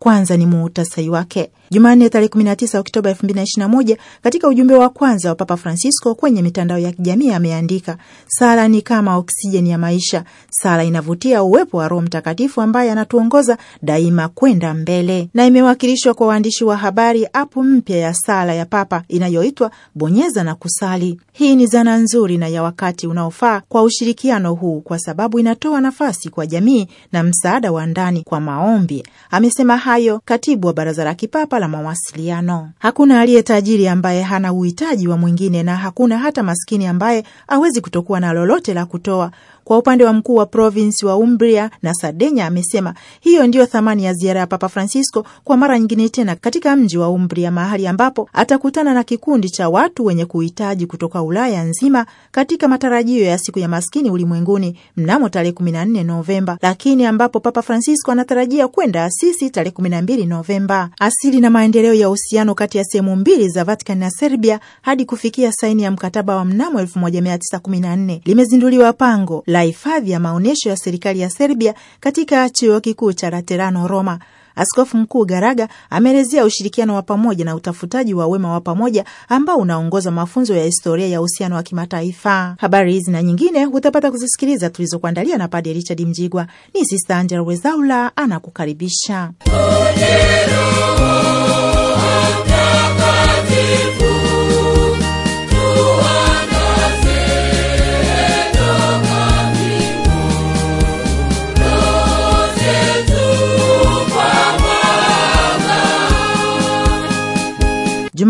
kwanza ni muhtasari wake. Jumanne tarehe 19 Oktoba 2021, katika ujumbe wa kwanza wa Papa Francisco kwenye mitandao ya kijamii ameandika, sala ni kama oksijeni ya maisha. Sala inavutia uwepo wa Roho Mtakatifu ambaye anatuongoza daima kwenda mbele, na imewakilishwa kwa waandishi wa habari apu mpya ya sala ya Papa inayoitwa bonyeza na kusali. Hii ni zana nzuri na ya wakati unaofaa kwa ushirikiano huu, kwa sababu inatoa nafasi kwa jamii na msaada wa ndani kwa maombi, amesema hayo katibu wa Baraza la Kipapa la Mawasiliano. Hakuna aliye tajiri ambaye hana uhitaji wa mwingine, na hakuna hata maskini ambaye hawezi kutokuwa na lolote la kutoa kwa upande wa mkuu wa provinsi wa Umbria na Sardenya, amesema hiyo ndiyo thamani ya ziara ya Papa Francisco kwa mara nyingine tena katika mji wa Umbria, mahali ambapo atakutana na kikundi cha watu wenye kuhitaji kutoka Ulaya nzima katika matarajio ya siku ya maskini ulimwenguni mnamo tarehe 14 Novemba, lakini ambapo Papa Francisco anatarajia kwenda Asisi tarehe 12 Novemba. Asili na maendeleo ya uhusiano kati ya sehemu mbili za Vatican na Serbia hadi kufikia saini ya mkataba wa mnamo 1914 limezinduliwa pango la la hifadhi ya maonyesho ya serikali ya Serbia katika chuo kikuu cha Laterano Roma. Askofu Mkuu Garaga ameelezea ushirikiano wa pamoja na utafutaji wa wema wa pamoja ambao unaongoza mafunzo ya historia ya uhusiano wa kimataifa. Habari hizi na nyingine utapata kuzisikiliza tulizokuandalia na Padre Richard Mjigwa. Ni Sista Angela Wezaula anakukaribisha.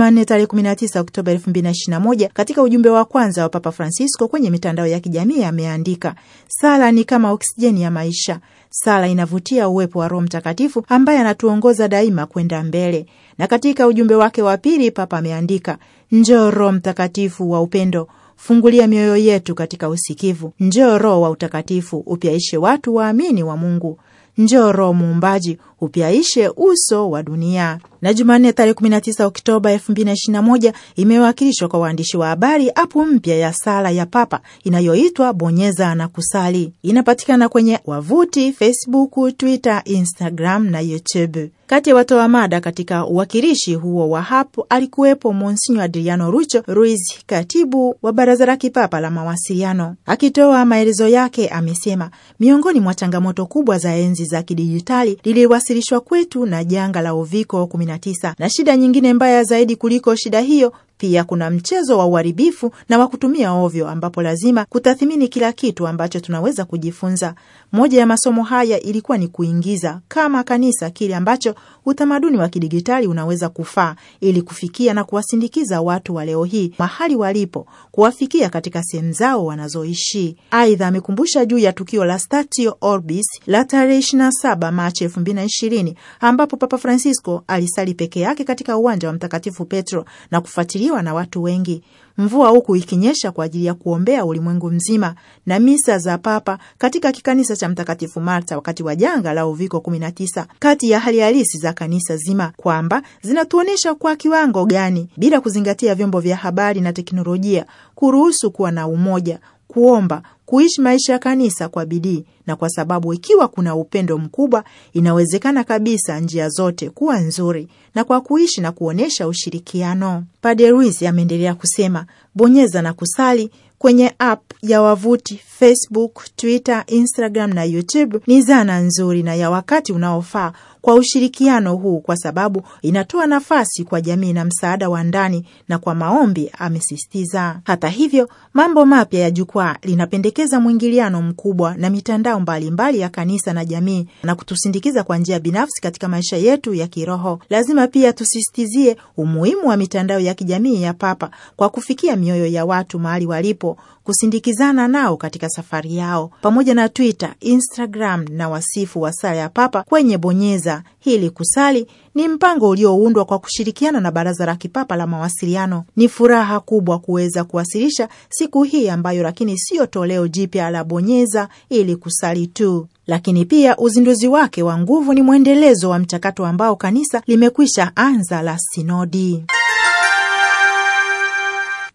Jumanne tarehe 19 Oktoba 2021 katika ujumbe wa kwanza wa Papa Francisco kwenye mitandao ya kijamii ameandika, sala ni kama oksijeni ya maisha. Sala inavutia uwepo wa Roho Mtakatifu ambaye anatuongoza daima kwenda mbele. Na katika ujumbe wake wa pili Papa ameandika, njoo Roho Mtakatifu wa upendo fungulia mioyo yetu katika usikivu. Njoo Roho wa utakatifu upyaishe watu waamini wa Mungu njoro Muumbaji, upyaishe uso wa dunia. Na Jumanne tarehe 19 Oktoba 2021 imewakilishwa kwa waandishi wa habari apu mpya ya sala ya Papa inayoitwa bonyeza na kusali. Inapatikana kwenye wavuti Facebook, Twitter, Instagram na YouTube. Kati ya watoa mada katika uwakilishi huo wa hapo alikuwepo Monsinyo Adriano Rucho Ruiz, katibu wa Baraza la Kipapa la Mawasiliano. Akitoa maelezo yake, amesema miongoni mwa changamoto kubwa za enzi za kidijitali liliwasilishwa kwetu na janga la uviko 19 na shida nyingine mbaya zaidi kuliko shida hiyo pia kuna mchezo wa uharibifu na wa kutumia ovyo, ambapo lazima kutathimini kila kitu ambacho tunaweza kujifunza. Moja ya masomo haya ilikuwa ni kuingiza kama kanisa kile ambacho utamaduni wa kidigitali unaweza kufaa ili kufikia na kuwasindikiza watu wa leo hii mahali walipo, kuwafikia katika sehemu zao wanazoishi. Aidha, amekumbusha juu ya tukio la Statio Orbis la tarehe 27 Machi 2020 ambapo Papa Francisco alisali peke yake katika uwanja wa Mtakatifu Petro na kufuatilia kuhubiriwa na watu wengi, mvua huku ikinyesha kwa ajili ya kuombea ulimwengu mzima, na misa za Papa katika kikanisa cha Mtakatifu Marta wakati wa janga la Uviko 19, kati ya hali halisi za kanisa zima, kwamba zinatuonyesha kwa kiwango gani, bila kuzingatia vyombo vya habari na teknolojia, kuruhusu kuwa na umoja kuomba, kuishi maisha ya kanisa kwa bidii, na kwa sababu ikiwa kuna upendo mkubwa, inawezekana kabisa njia zote kuwa nzuri, na kwa kuishi na kuonyesha ushirikiano. Padre Ruiz ameendelea kusema, bonyeza na kusali kwenye app ya wavuti Facebook, Twitter, Instagram na YouTube ni zana nzuri na ya wakati unaofaa kwa ushirikiano huu, kwa sababu inatoa nafasi kwa jamii na msaada wa ndani na kwa maombi, amesisitiza. Hata hivyo, mambo mapya ya jukwaa linapendekeza mwingiliano mkubwa na mitandao mbalimbali ya kanisa na jamii na kutusindikiza kwa njia binafsi katika maisha yetu ya kiroho. Lazima pia tusisitizie umuhimu wa mitandao ya kijamii ya Papa kwa kufikia mioyo ya watu mahali walipo, kusindikizana nao katika safari yao, pamoja na Twitter, Instagram na wasifu wa sala ya Papa kwenye bonyeza kutekeleza hili kusali ni mpango ulioundwa kwa kushirikiana na Baraza la Kipapa la Mawasiliano. Ni furaha kubwa kuweza kuwasilisha siku hii ambayo, lakini siyo toleo jipya la bonyeza ili kusali tu, lakini pia uzinduzi wake wa nguvu ni mwendelezo wa mchakato ambao kanisa limekwisha anza la sinodi.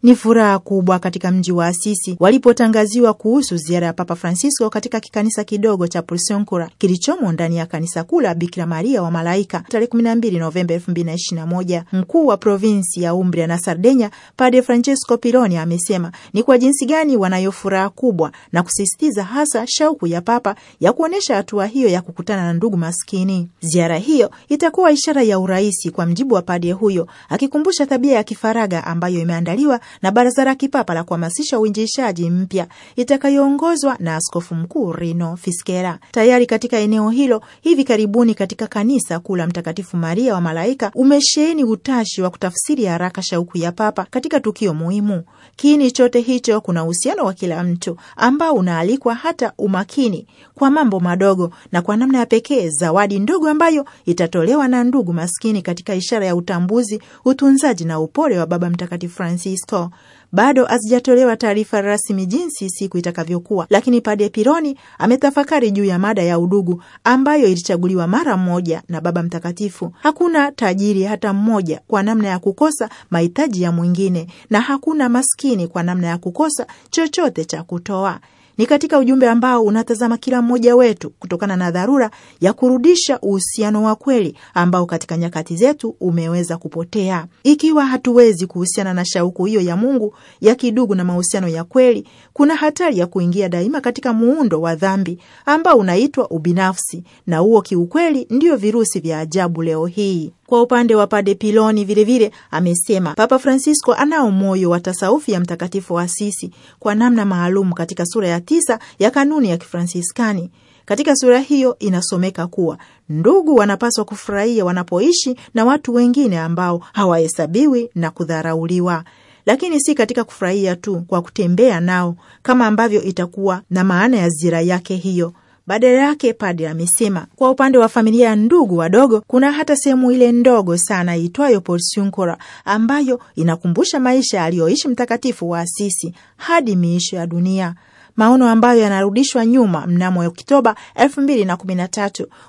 Ni furaha kubwa katika mji wa Asisi walipotangaziwa kuhusu ziara ya Papa Francisco katika kikanisa kidogo cha Pulsionkura kilichomo ndani ya kanisa kuu la Bikira Maria wa Malaika tarehe 12 Novemba 2021. Mkuu wa provinsi ya Umbria na Sardenya, Padre Francesco Pironi, amesema ni kwa jinsi gani wanayo furaha kubwa na kusisitiza hasa shauku ya Papa ya kuonyesha hatua hiyo ya kukutana na ndugu maskini. Ziara hiyo itakuwa ishara ya urahisi kwa mjibu wa padre huyo, akikumbusha tabia ya kifaraga ambayo imeandaliwa na baraza la kipapa la kuhamasisha uinjiishaji mpya itakayoongozwa na askofu mkuu Rino Fiskera tayari katika eneo hilo. Hivi karibuni katika kanisa kuu la Mtakatifu Maria wa Malaika umesheheni utashi wa kutafsiri haraka shauku ya papa katika tukio muhimu. Kiini chote hicho kuna uhusiano wa kila mtu ambao unaalikwa hata umakini kwa mambo madogo, na kwa namna ya pekee zawadi ndogo ambayo itatolewa na ndugu maskini katika ishara ya utambuzi, utunzaji na upole wa Baba Mtakatifu Francisco. Bado hazijatolewa taarifa rasmi jinsi siku itakavyokuwa, lakini Pade Pironi ametafakari juu ya mada ya udugu ambayo ilichaguliwa mara mmoja na Baba Mtakatifu. Hakuna tajiri hata mmoja kwa namna ya kukosa mahitaji ya mwingine, na hakuna maskini kwa namna ya kukosa chochote cha kutoa. Ni katika ujumbe ambao unatazama kila mmoja wetu kutokana na dharura ya kurudisha uhusiano wa kweli ambao katika nyakati zetu umeweza kupotea. Ikiwa hatuwezi kuhusiana na shauku hiyo ya Mungu ya kidugu na mahusiano ya kweli, kuna hatari ya kuingia daima katika muundo wa dhambi ambao unaitwa ubinafsi, na huo kiukweli ndio virusi vya ajabu leo hii. Kwa upande wa Pade Piloni vilevile vile, amesema Papa Francisco anao moyo wa tasaufi ya Mtakatifu wa Asisi kwa namna maalum katika sura ya tisa ya kanuni ya Kifransiskani. Katika sura hiyo inasomeka kuwa ndugu wanapaswa kufurahia wanapoishi na watu wengine ambao hawahesabiwi na kudharauliwa, lakini si katika kufurahia tu kwa kutembea nao, kama ambavyo itakuwa na maana ya zira yake hiyo badala yake padre amesema kwa upande wa familia ya ndugu wadogo kuna hata sehemu ile ndogo sana iitwayo Porciuncula ambayo inakumbusha maisha aliyoishi mtakatifu wa Asisi hadi miisho ya dunia maono ambayo yanarudishwa nyuma mnamo Oktoba elfu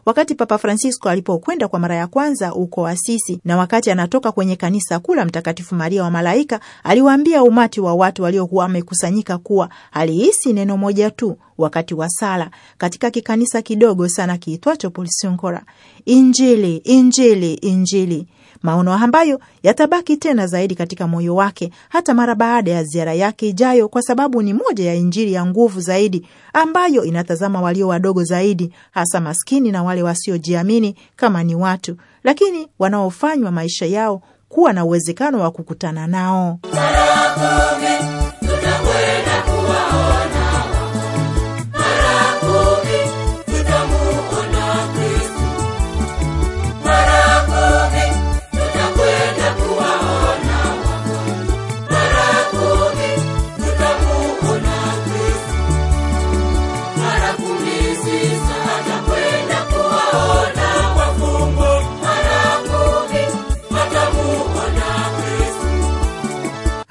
wakati Papa Francisco alipokwenda kwa mara ya kwanza huko Asisi, na wakati anatoka kwenye kanisa kuu la Mtakatifu Maria wa Malaika, aliwaambia umati wa watu waliokuwa wamekusanyika kuwa alihisi neno moja tu wakati wa sala katika kikanisa kidogo sana kiitwacho Pulsingora: Injili, Injili, Injili maono ambayo yatabaki tena zaidi katika moyo wake hata mara baada ya ziara yake ijayo, kwa sababu ni moja ya Injili ya nguvu zaidi ambayo inatazama walio wadogo zaidi, hasa maskini na wale wasiojiamini kama ni watu, lakini wanaofanywa maisha yao kuwa na uwezekano wa kukutana nao Marakume.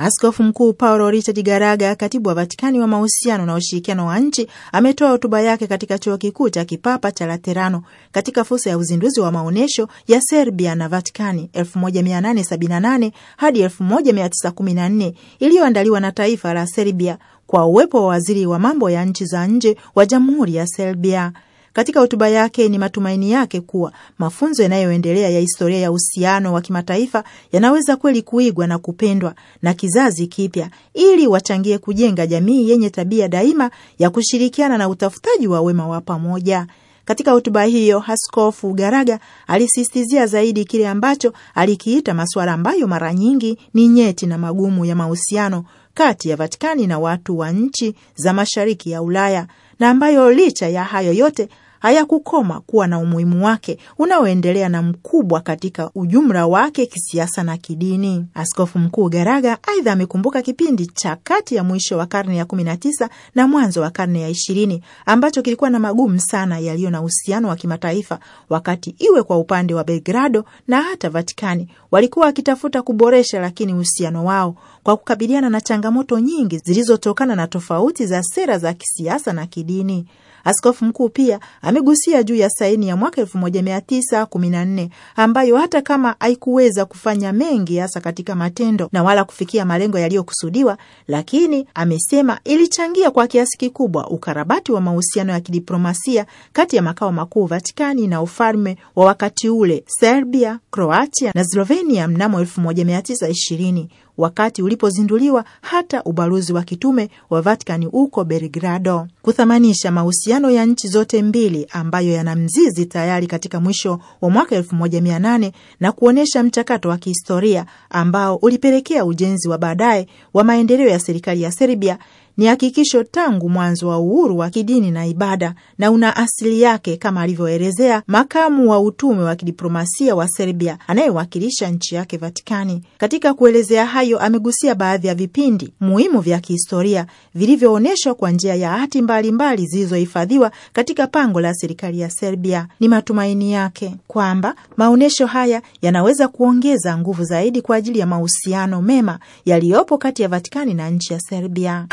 Askofu Mkuu Paulo Richard Garaga, katibu wa Vatikani wa mahusiano na ushirikiano wa nchi, ametoa hotuba yake katika chuo kikuu cha kipapa cha Laterano katika fursa ya uzinduzi wa maonyesho ya Serbia na Vatikani 1878 hadi 1914 iliyoandaliwa na taifa la Serbia kwa uwepo wa waziri wa mambo ya nchi za nje wa jamhuri ya Serbia. Katika hotuba yake, ni matumaini yake kuwa mafunzo yanayoendelea ya historia ya uhusiano wa kimataifa yanaweza kweli kuigwa na kupendwa na kizazi kipya ili wachangie kujenga jamii yenye tabia daima ya kushirikiana na utafutaji wa wema wa pamoja. Katika hotuba hiyo Askofu Garaga alisisitizia zaidi kile ambacho alikiita masuala ambayo mara nyingi ni nyeti na magumu ya mahusiano kati ya Vatikani na watu wa nchi za mashariki ya Ulaya na ambayo licha ya hayo yote hayakukoma kuwa na umuhimu wake unaoendelea na mkubwa katika ujumla wake kisiasa na kidini. Askofu Mkuu Garaga aidha amekumbuka kipindi cha kati ya mwisho wa karne ya 19 na mwanzo wa karne ya 20 ambacho kilikuwa na magumu sana yaliyo na uhusiano wa kimataifa, wakati iwe kwa upande wa Belgrado na hata Vatikani walikuwa wakitafuta kuboresha lakini uhusiano wao kwa kukabiliana na changamoto nyingi zilizotokana na tofauti za sera za kisiasa na kidini. Askofu mkuu pia amegusia juu ya saini ya mwaka 1914 ambayo hata kama haikuweza kufanya mengi hasa katika matendo na wala kufikia malengo yaliyokusudiwa, lakini amesema ilichangia kwa kiasi kikubwa ukarabati wa mahusiano ya kidiplomasia kati ya makao makuu Vatikani na ufalme wa wakati ule Serbia, Kroatia na Slovenia mnamo 1920 wakati ulipozinduliwa hata ubalozi wa kitume wa Vatikani huko Belgrado, kuthamanisha mahusiano ya nchi zote mbili ambayo yana mzizi tayari katika mwisho wa mwaka 1800 na kuonyesha mchakato wa kihistoria ambao ulipelekea ujenzi wa baadaye wa maendeleo ya serikali ya Serbia ni hakikisho tangu mwanzo wa uhuru wa kidini na ibada na una asili yake kama alivyoelezea makamu wa utume wa kidiplomasia wa Serbia anayewakilisha nchi yake Vatikani. Katika kuelezea hayo, amegusia baadhi ya vipindi muhimu vya kihistoria vilivyoonyeshwa kwa njia ya hati mbalimbali zilizohifadhiwa katika pango la serikali ya Serbia. Ni matumaini yake kwamba maonyesho haya yanaweza kuongeza nguvu zaidi kwa ajili ya mahusiano mema yaliyopo kati ya Vatikani na nchi ya Serbia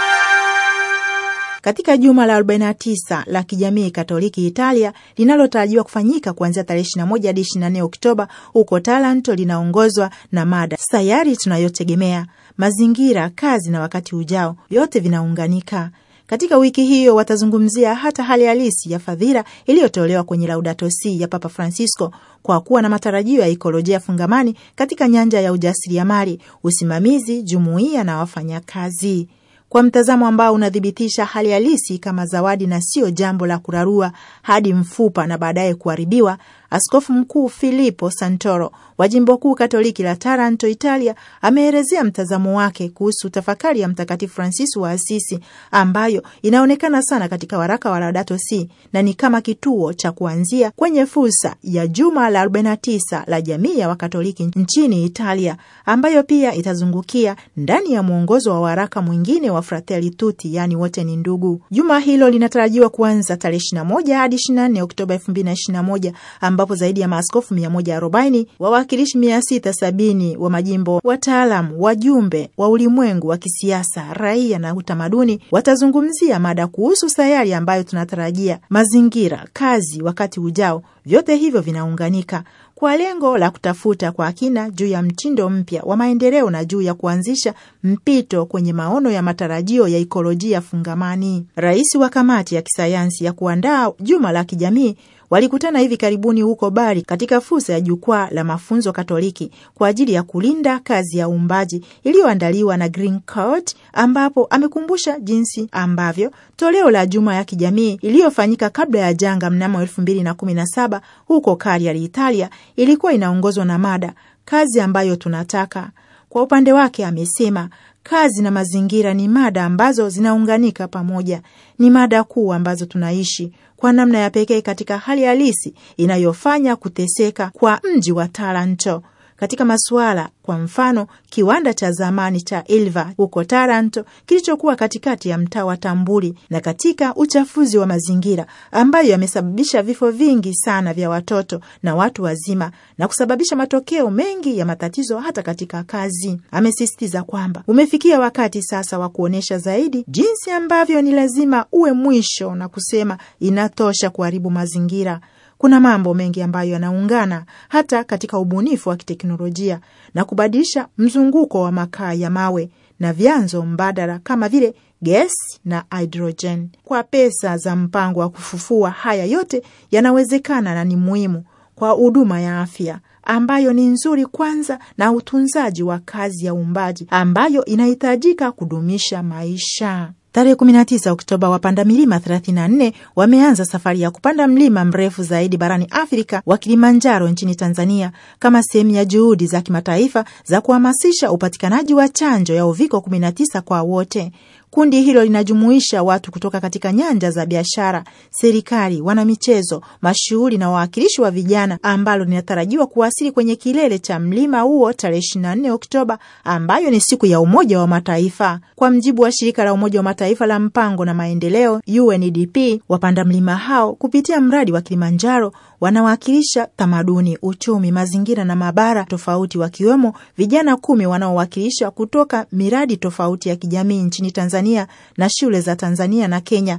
katika juma la 49 la kijamii Katoliki Italia linalotarajiwa kufanyika kuanzia tarehe 21 hadi 24 Oktoba huko Taranto, linaongozwa na mada sayari tunayotegemea, mazingira, kazi na wakati ujao, vyote vinaunganika. Katika wiki hiyo watazungumzia hata hali halisi ya fadhila iliyotolewa kwenye Laudato Si ya Papa Francisco kwa kuwa na matarajio ya ikolojia fungamani katika nyanja ya ujasiriamali, usimamizi, jumuiya na wafanyakazi kwa mtazamo ambao unathibitisha hali halisi kama zawadi na sio jambo la kurarua hadi mfupa na baadaye kuharibiwa Askofu Mkuu Filippo Santoro wa jimbo kuu Katoliki la Taranto, Italia, ameelezea mtazamo wake kuhusu tafakari ya Mtakatifu Francis wa Asisi ambayo inaonekana sana katika waraka wa Laudato Si na ni kama kituo cha kuanzia kwenye fursa ya juma la 49 la jamii ya Wakatoliki nchini Italia, ambayo pia itazungukia ndani ya mwongozo wa waraka mwingine wa Fratelli Tutti, yani wote ni ndugu. Juma hilo linatarajiwa kuanza tarehe 21 hadi 24 Oktoba 2021 ambapo zaidi ya maaskofu 140 wawakilishi 670 wa majimbo, wataalamu, wajumbe wa ulimwengu wa kisiasa, raia na utamaduni watazungumzia mada kuhusu sayari ambayo tunatarajia, mazingira, kazi wakati ujao. Vyote hivyo vinaunganika kwa lengo la kutafuta kwa kina juu ya mtindo mpya wa maendeleo na juu ya kuanzisha mpito kwenye maono ya matarajio ya ikolojia fungamani. Rais wa kamati ya kisayansi ya kuandaa juma la kijamii walikutana hivi karibuni huko Bari katika fursa ya jukwaa la mafunzo Katoliki kwa ajili ya kulinda kazi ya uumbaji iliyoandaliwa na Green Court, ambapo amekumbusha jinsi ambavyo toleo la juma ya kijamii iliyofanyika kabla ya janga mnamo elfu mbili na kumi na saba huko Cagliari, Italia, ilikuwa inaongozwa na mada kazi ambayo tunataka kwa upande wake amesema kazi na mazingira ni mada ambazo zinaunganika pamoja, ni mada kuu ambazo tunaishi kwa namna ya pekee katika hali halisi inayofanya kuteseka kwa mji wa Taranto katika masuala, kwa mfano kiwanda cha zamani cha Ilva huko Taranto kilichokuwa katikati ya mtaa wa Tambuli, na katika uchafuzi wa mazingira ambayo yamesababisha vifo vingi sana vya watoto na watu wazima na kusababisha matokeo mengi ya matatizo hata katika kazi. Amesisitiza kwamba umefikia wakati sasa wa kuonyesha zaidi jinsi ambavyo ni lazima uwe mwisho na kusema inatosha kuharibu mazingira. Kuna mambo mengi ambayo yanaungana hata katika ubunifu wa kiteknolojia na kubadilisha mzunguko wa makaa ya mawe na vyanzo mbadala kama vile gesi na hidrojen. Kwa pesa za mpango wa kufufua, haya yote yanawezekana na ni muhimu kwa huduma ya afya ambayo ni nzuri kwanza, na utunzaji wa kazi ya uumbaji ambayo inahitajika kudumisha maisha. Tarehe 19 Oktoba, wapanda milima 34 wameanza safari ya kupanda mlima mrefu zaidi barani Afrika wa Kilimanjaro nchini Tanzania, kama sehemu ya juhudi za kimataifa za kuhamasisha upatikanaji wa chanjo ya uviko 19 kwa wote. Kundi hilo linajumuisha watu kutoka katika nyanja za biashara, serikali, wanamichezo, mashughuli na wawakilishi wa vijana, ambalo linatarajiwa kuwasili kwenye kilele cha mlima huo tarehe 24 Oktoba, ambayo ni siku ya Umoja wa Mataifa. Kwa mjibu wa shirika la Umoja wa Mataifa la mpango na maendeleo UNDP, wapanda mlima hao kupitia mradi wa Kilimanjaro wanawakilisha tamaduni, uchumi, mazingira na mabara tofauti, wakiwemo vijana kumi wanaowakilisha kutoka miradi tofauti ya kijamii nchini Tanzania Tanzania na shule za Tanzania na Kenya.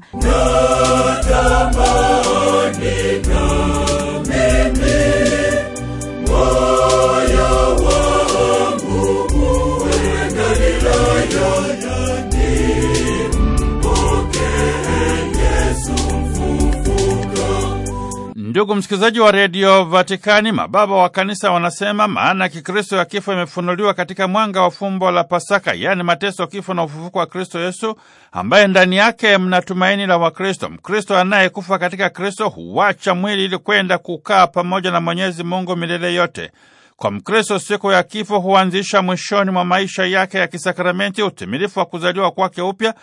Ndugu msikilizaji wa redio Vatikani, mababa wa kanisa wanasema maana ya Kikristo ya kifo imefunuliwa katika mwanga wa fumbo la Pasaka, yaani mateso, kifo na ufufuko wa Kristo Yesu, ambaye ndani yake mna tumaini la Wakristo. Mkristo anayekufa katika Kristo huwacha mwili ili kwenda kukaa pamoja na Mwenyezi Mungu milele yote. Kwa Mkristo, siku ya kifo huanzisha mwishoni mwa maisha yake ya kisakramenti utimilifu wa kuzaliwa kwake upya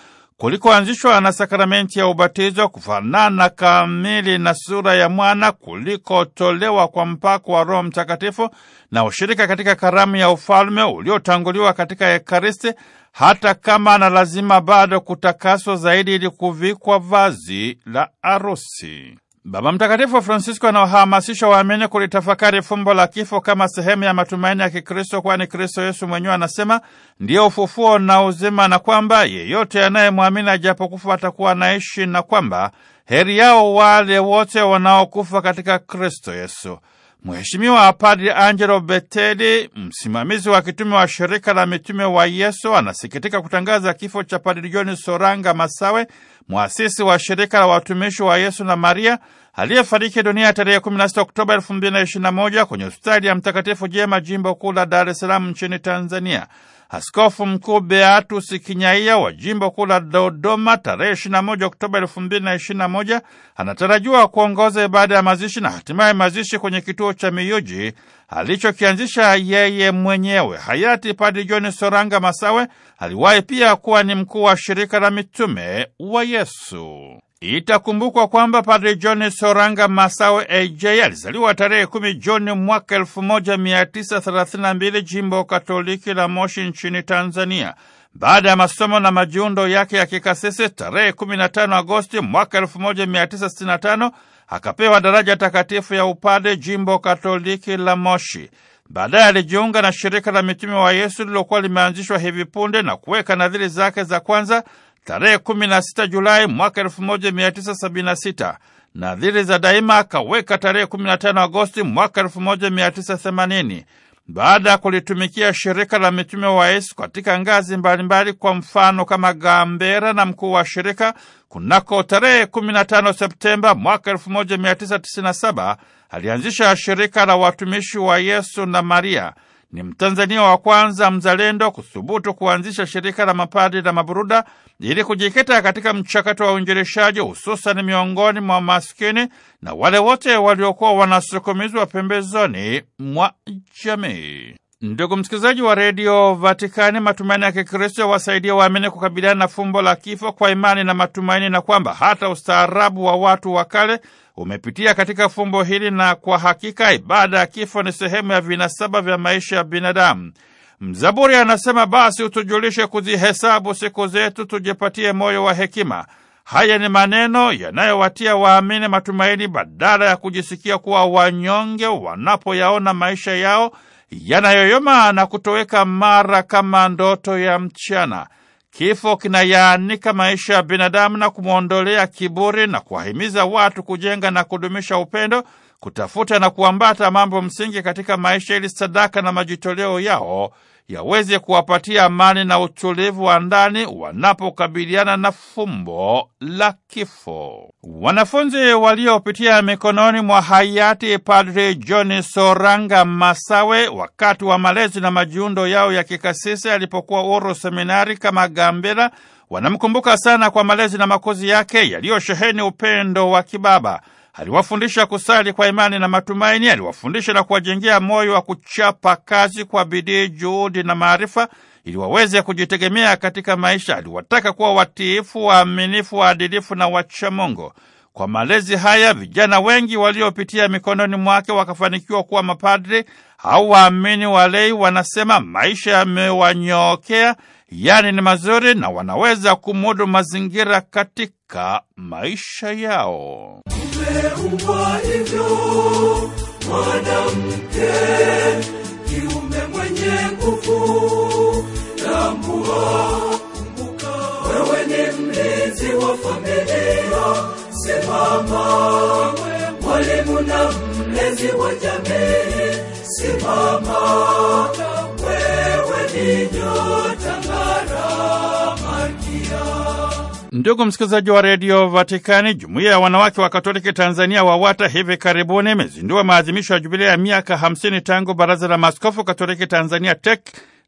kulikoanzishwa na sakramenti ya ubatizo kufanana kamili na sura ya mwana, kulikotolewa kwa mpako wa Roho Mtakatifu na ushirika katika karamu ya ufalme uliotanguliwa katika Ekaristi, hata kama na lazima bado kutakaswa zaidi ili kuvikwa vazi la arusi. Baba Mtakatifu Francisco anawahamasisha waamini kulitafakari fumbo la kifo kama sehemu ya matumaini ya Kikristo, kwani Kristo Yesu mwenyewe anasema ndiyo ufufuo na uzima, na kwamba yeyote anayemwamini ajapokufa atakuwa anaishi, na kwamba heri yao wale wote wanaokufa katika Kristo Yesu. Mheshimiwa Padri Angelo Beteli, msimamizi wa kitume wa shirika la mitume wa Yesu, anasikitika kutangaza kifo cha Padri John Soranga Masawe, mwasisi wa shirika la watumishi wa Yesu na Maria aliyefariki dunia tarehe 16 Oktoba 2021 kwenye hospitali ya Mtakatifu Jema, jimbo kuu la Dar es Salaam nchini Tanzania. Askofu Mkuu Beatus Kinyaia wa jimbo kuu la Dodoma tarehe 21 Oktoba 2021 anatarajiwa kuongoza ibada ya mazishi na hatimaye mazishi kwenye kituo cha Miyuji alichokianzisha yeye mwenyewe. Hayati Padre John Soranga Masawe aliwahi pia kuwa ni mkuu wa shirika la mitume wa Yesu. Itakumbukwa kwamba Padre John Soranga Masawe AJ alizaliwa tarehe 10 Juni mwaka 1932 jimbo Katoliki la Moshi nchini Tanzania. Baada ya masomo na majiundo yake ya kikasisi, tarehe 15 Agosti mwaka 1965 akapewa daraja takatifu ya upade jimbo Katoliki la Moshi. Baadaye alijiunga na shirika la mitume wa Yesu lilokuwa limeanzishwa hivi punde na kuweka nadhiri zake za kwanza tarehe 16 Julai mwaka 1976. Nadhiri za Daima akaweka tarehe 15 Agosti mwaka 1980. Baada ya kulitumikia shirika la mitume wa Yesu katika ngazi mbalimbali, kwa mfano kama gambera na mkuu wa shirika, kunako tarehe 15 Septemba mwaka 1997 alianzisha shirika la watumishi wa Yesu na Maria. Ni Mtanzania wa kwanza mzalendo kuthubutu kuanzisha shirika la mapadri la Maburuda ili kujikita katika mchakato wa uinjilishaji, hususan miongoni mwa maskini na wale wote waliokuwa wanasukumizwa pembezoni mwa jamii. Ndugu msikilizaji wa redio Vatikani, matumaini ya Kikristo wasaidia waamini kukabiliana na fumbo la kifo kwa imani na matumaini, na kwamba hata ustaarabu wa watu wa kale umepitia katika fumbo hili, na kwa hakika ibada ya kifo ni sehemu ya vinasaba vya maisha ya binadamu. Mzaburi anasema, basi utujulishe kuzihesabu siku zetu, tujipatie moyo wa hekima. Haya ni maneno yanayowatia waamini matumaini, badala ya kujisikia kuwa wanyonge wanapoyaona maisha yao yanayoyoma na kutoweka mara kama ndoto ya mchana. Kifo kinayaanika maisha ya binadamu na kumwondolea kiburi na kuwahimiza watu kujenga na kudumisha upendo, kutafuta na kuambata mambo msingi katika maisha ili sadaka na majitoleo yao yaweze kuwapatia amani na utulivu wa ndani wanapokabiliana na fumbo la kifo. Wanafunzi waliopitia mikononi mwa hayati Padri John Soranga Masawe wakati wa malezi na majiundo yao ya kikasisi alipokuwa Uru Seminari kama Gambela wanamkumbuka sana kwa malezi na makuzi yake yaliyosheheni upendo wa kibaba. Aliwafundisha kusali kwa imani na matumaini, aliwafundisha na kuwajengea moyo wa kuchapa kazi kwa bidii, juhudi na maarifa, ili waweze kujitegemea katika maisha. Aliwataka kuwa watiifu, waaminifu, waadilifu na wachamongo Kwa malezi haya, vijana wengi waliopitia mikononi mwake wakafanikiwa kuwa mapadri au waamini walei. Wanasema maisha yamewanyookea, yaani ni mazuri, na wanaweza kumudu mazingira katika maisha yao umeumbwa hivyo mwanamke kiume mwenye nguvu na mbuha kumbuka wewe ni mlinzi wa familia simama mwalimu na mlezi wa jamii Ndugu msikilizaji wa redio Vatikani, jumuiya ya wanawake wa Katoliki Tanzania WAWATA hivi karibuni imezindua maadhimisho ya jubilia ya miaka 50 tangu baraza la maaskofu Katoliki Tanzania TEC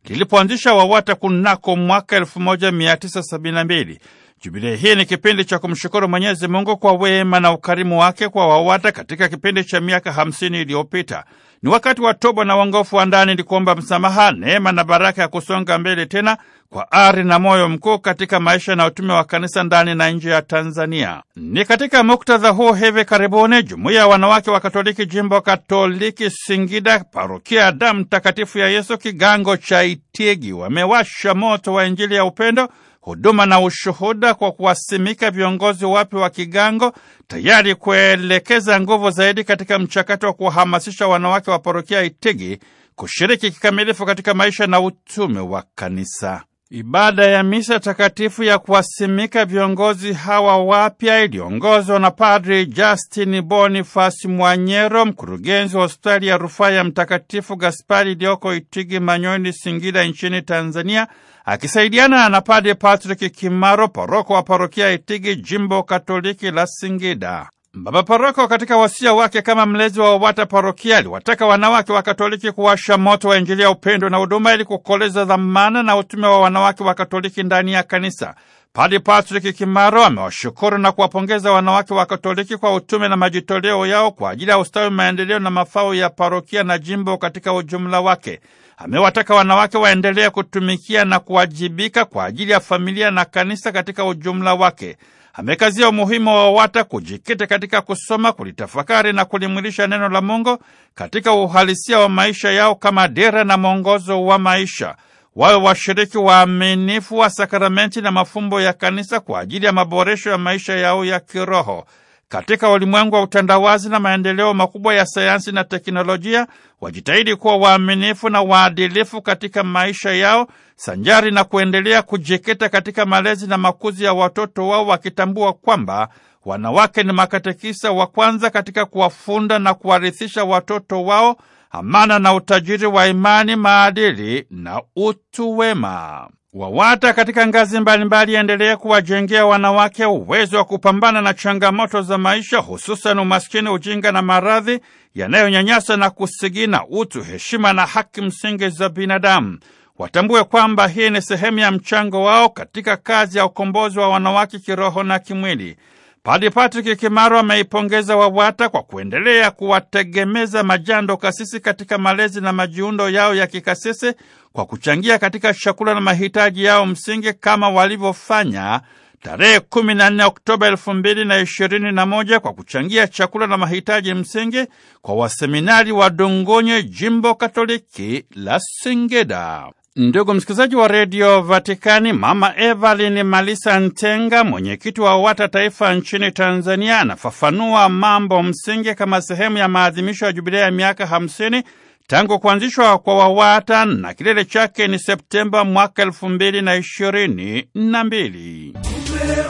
lilipoanzisha WAWATA kunako mwaka 1972. Jubilia hii ni kipindi cha kumshukuru Mwenyezi Mungu kwa wema na ukarimu wake kwa WAWATA katika kipindi cha miaka 50 iliyopita. Ni wakati wa toba na uongofu wa ndani ni kuomba msamaha, neema na baraka ya kusonga mbele tena kwa ari na moyo mkuu katika maisha na utume wa kanisa ndani na nje ya Tanzania. Ni katika muktadha huu hivi karibuni jumuiya ya wanawake wa Katoliki jimbo Katoliki Singida, parokia damu takatifu ya Yesu, kigango cha Itigi, wamewasha moto wa Injili ya upendo huduma na ushuhuda kwa kuwasimika viongozi wapya wa kigango, tayari kuelekeza nguvu zaidi katika mchakato wa kuwahamasisha wanawake wa parokia Itigi kushiriki kikamilifu katika maisha na utume wa kanisa. Ibada ya misa takatifu ya kuwasimika viongozi hawa wapya iliongozwa na Padri Justin Bonifasi Mwanyero, mkurugenzi wa hospitali ya rufaa ya Mtakatifu Gaspari iliyoko Itigi, Manyoni, Singida nchini Tanzania, akisaidiana na Padri Patrick Kimaro, paroko wa parokia Itigi, jimbo Katoliki la Singida. Baba paroko katika wasia wake kama mlezi wa WAWATA parokia aliwataka wanawake wa Katoliki kuwasha moto wa Injili ya upendo na huduma ili kukoleza dhamana na utume wa wanawake wa Katoliki ndani ya kanisa. Padi Patrick Kimaro amewashukuru na kuwapongeza wanawake wa Katoliki kwa utume na majitoleo yao kwa ajili ya ustawi, maendeleo na mafao ya parokia na jimbo katika ujumla wake. Amewataka wanawake waendelee kutumikia na kuwajibika kwa ajili ya familia na kanisa katika ujumla wake. Amekazia umuhimu wa wata kujikita katika kusoma, kulitafakari na kulimwilisha neno la Mungu katika uhalisia wa maisha yao kama dira na mwongozo wa maisha wawe washiriki waaminifu wa sakramenti na mafumbo ya kanisa kwa ajili ya maboresho ya maisha yao ya kiroho. Katika ulimwengu wa utandawazi na maendeleo makubwa ya sayansi na teknolojia, wajitahidi kuwa waaminifu na waadilifu katika maisha yao sanjari na kuendelea kujikita katika malezi na makuzi ya watoto wao, wakitambua kwamba wanawake ni makatekisa wa kwanza katika kuwafunda na kuwarithisha watoto wao amana na utajiri wa imani, maadili na utu wema. WAWATA katika ngazi mbalimbali endelee kuwajengea wanawake uwezo wa kupambana na changamoto za maisha, hususan umaskini, ujinga na maradhi yanayonyanyasa na kusigina utu, heshima na haki msingi za binadamu. Watambue kwamba hii ni sehemu ya mchango wao katika kazi ya ukombozi wa wanawake kiroho na kimwili. Padi Patrick Kimaro ameipongeza WAWATA kwa kuendelea kuwategemeza majando kasisi katika malezi na majiundo yao ya kikasisi kwa kuchangia katika chakula na mahitaji yao msingi kama walivyofanya tarehe 14 Oktoba 2021 kwa kuchangia chakula na mahitaji msingi kwa waseminari wa Dongonye, jimbo katoliki la Singida. Ndugu msikilizaji wa redio Vatikani, Mama Evelyn Malisa Ntenga, mwenyekiti wa WATA taifa nchini Tanzania, anafafanua mambo msingi kama sehemu ya maadhimisho ya jubilea ya miaka 50 tangu kuanzishwa kwa WAWATA na kilele chake ni Septemba mwaka elfu mbili na ishirini na mbili.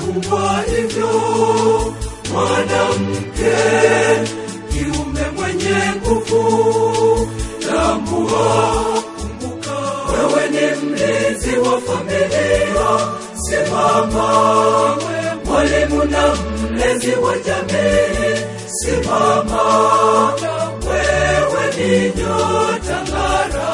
Umeumbwa hivyo mwanamke, kiume mwenye nguvu, tambua wewe ni mlezi wa familia simama mwalimu na mlezi wa jamii simama wewe ni nyota ng'ara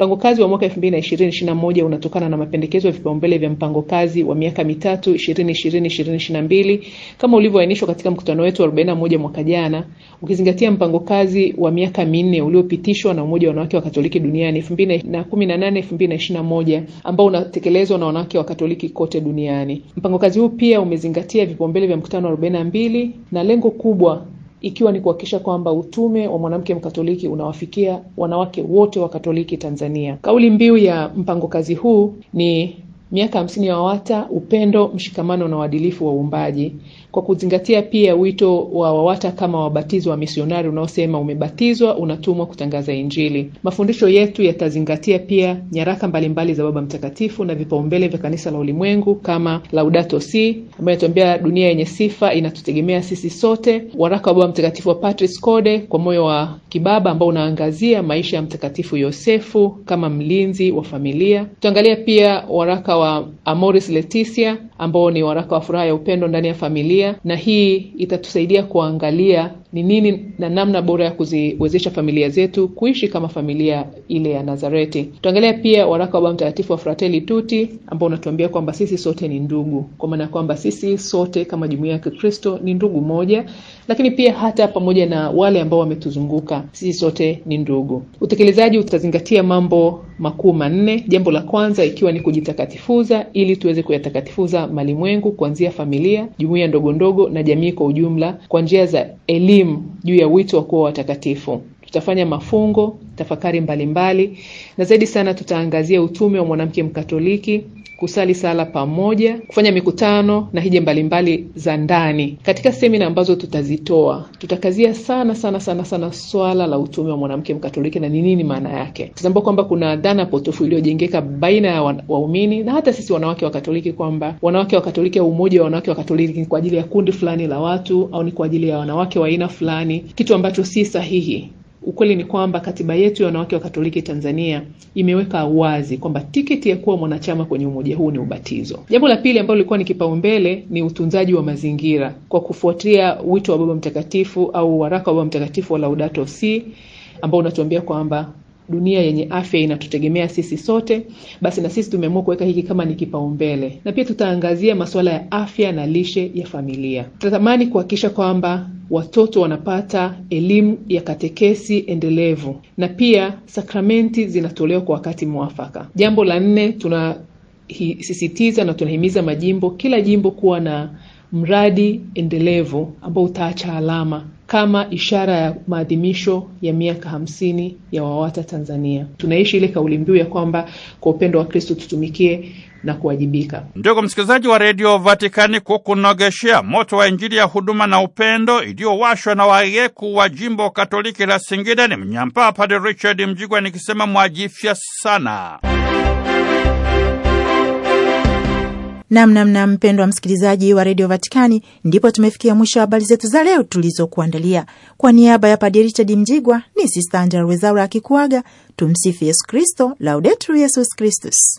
Mpango kazi wa mwaka 2020-2021 unatokana na mapendekezo ya vipaumbele vya mpango kazi wa miaka mitatu 2020-2022 kama ulivyoainishwa katika mkutano wetu wa 41 mwaka jana, ukizingatia mpango kazi wa miaka minne uliopitishwa na Umoja wa Wanawake wa Katoliki Duniani 2018-2021 ambao unatekelezwa na wanawake wa Katoliki kote duniani. Mpango kazi huu pia umezingatia vipaumbele vya mkutano wa 42 na lengo kubwa ikiwa ni kuhakikisha kwamba utume wa mwanamke mkatoliki unawafikia wanawake wote wa Katoliki Tanzania. Kauli mbiu ya mpango kazi huu ni miaka hamsini ya WAWATA: upendo, mshikamano na uadilifu wa uumbaji kwa kuzingatia pia wito wa WAWATA kama wabatizi wa misionari unaosema umebatizwa unatumwa kutangaza Injili. Mafundisho yetu yatazingatia pia nyaraka mbalimbali za Baba Mtakatifu na vipaumbele vya kanisa la ulimwengu kama Laudato Si ambayo inatuambia dunia yenye sifa inatutegemea sisi sote, waraka wa Baba Mtakatifu wa Patrice Code kwa moyo wa kibaba ambao unaangazia maisha ya Mtakatifu Yosefu kama mlinzi wa familia. Tutaangalia pia waraka wa Amoris leticia ambao ni waraka wa furaha ya upendo ndani ya familia familia, na hii itatusaidia kuangalia ni nini na namna bora ya kuziwezesha familia zetu kuishi kama familia ile ya Nazareti. Tutaangalia pia waraka wa Baba Mtakatifu wa Fratelli Tutti ambao unatuambia kwamba sisi sote ni ndugu, kwa maana kwamba sisi sote kama jumuiya ya Kikristo ni ndugu moja, lakini pia hata pamoja na wale ambao wametuzunguka, sisi sote ni ndugu. Utekelezaji utazingatia mambo makuu manne, jambo la kwanza ikiwa ni kujitakatifuza ili tuweze kuyatakatifuza malimwengu kuanzia familia, jumuiya ndogo na jamii kwa ujumla kwa njia za elimu juu ya wito wa kuwa watakatifu. Tutafanya mafungo, tafakari mbalimbali mbali, na zaidi sana tutaangazia utume wa mwanamke Mkatoliki kusali sala pamoja, kufanya mikutano na hija mbalimbali za ndani. Katika semina ambazo tutazitoa, tutakazia sana sana sana sana swala la utume wa mwanamke Mkatoliki na ni nini maana yake. Tutambua kwamba kuna dhana potofu iliyojengeka baina ya waumini na hata sisi wanawake wa Katoliki kwamba wanawake wa Katoliki au umoja wa wanawake wa Katoliki ni kwa ajili ya kundi fulani la watu au ni kwa ajili ya wanawake wa aina fulani, kitu ambacho si sahihi. Ukweli ni kwamba katiba yetu ya wanawake wa Katoliki Tanzania imeweka wazi kwamba tiketi ya kuwa mwanachama kwenye umoja huu ni ubatizo. Jambo la pili ambalo lilikuwa ni kipaumbele ni utunzaji wa mazingira kwa kufuatia wito wa Baba Mtakatifu au waraka wa Baba Mtakatifu wa Laudato Si ambao unatuambia kwamba dunia yenye afya inatutegemea sisi sote, basi na sisi tumeamua kuweka hiki kama ni kipaumbele, na pia tutaangazia masuala ya afya na lishe ya familia. Tutatamani kuhakikisha kwamba watoto wanapata elimu ya katekesi endelevu na pia sakramenti zinatolewa kwa wakati mwafaka. Jambo la nne, tunasisitiza na tunahimiza majimbo, kila jimbo kuwa na mradi endelevu ambao utaacha alama kama ishara ya maadhimisho ya miaka hamsini ya Wawata Tanzania. Tunaishi ile kauli mbiu ya kwamba kwa upendo wa Kristo tutumikie na kuwajibika. Ndugu msikilizaji wa redio Vatikani, kukunogeshea moto wa Injili ya huduma na upendo iliyowashwa na wayeku wa jimbo Katoliki la Singida ni mnyampaa Padre Richard Mjigwa nikisema mwajifya sana Namnamna mpendwa msikilizaji wa redio Vatikani, ndipo tumefikia mwisho wa habari zetu za leo tulizokuandalia. Kwa niaba ya Padre Richard Mjigwa ni Sista Angela Rwezaura akikuaga. Tumsifu Yesu Kristo, Laudetur Yesus Kristus.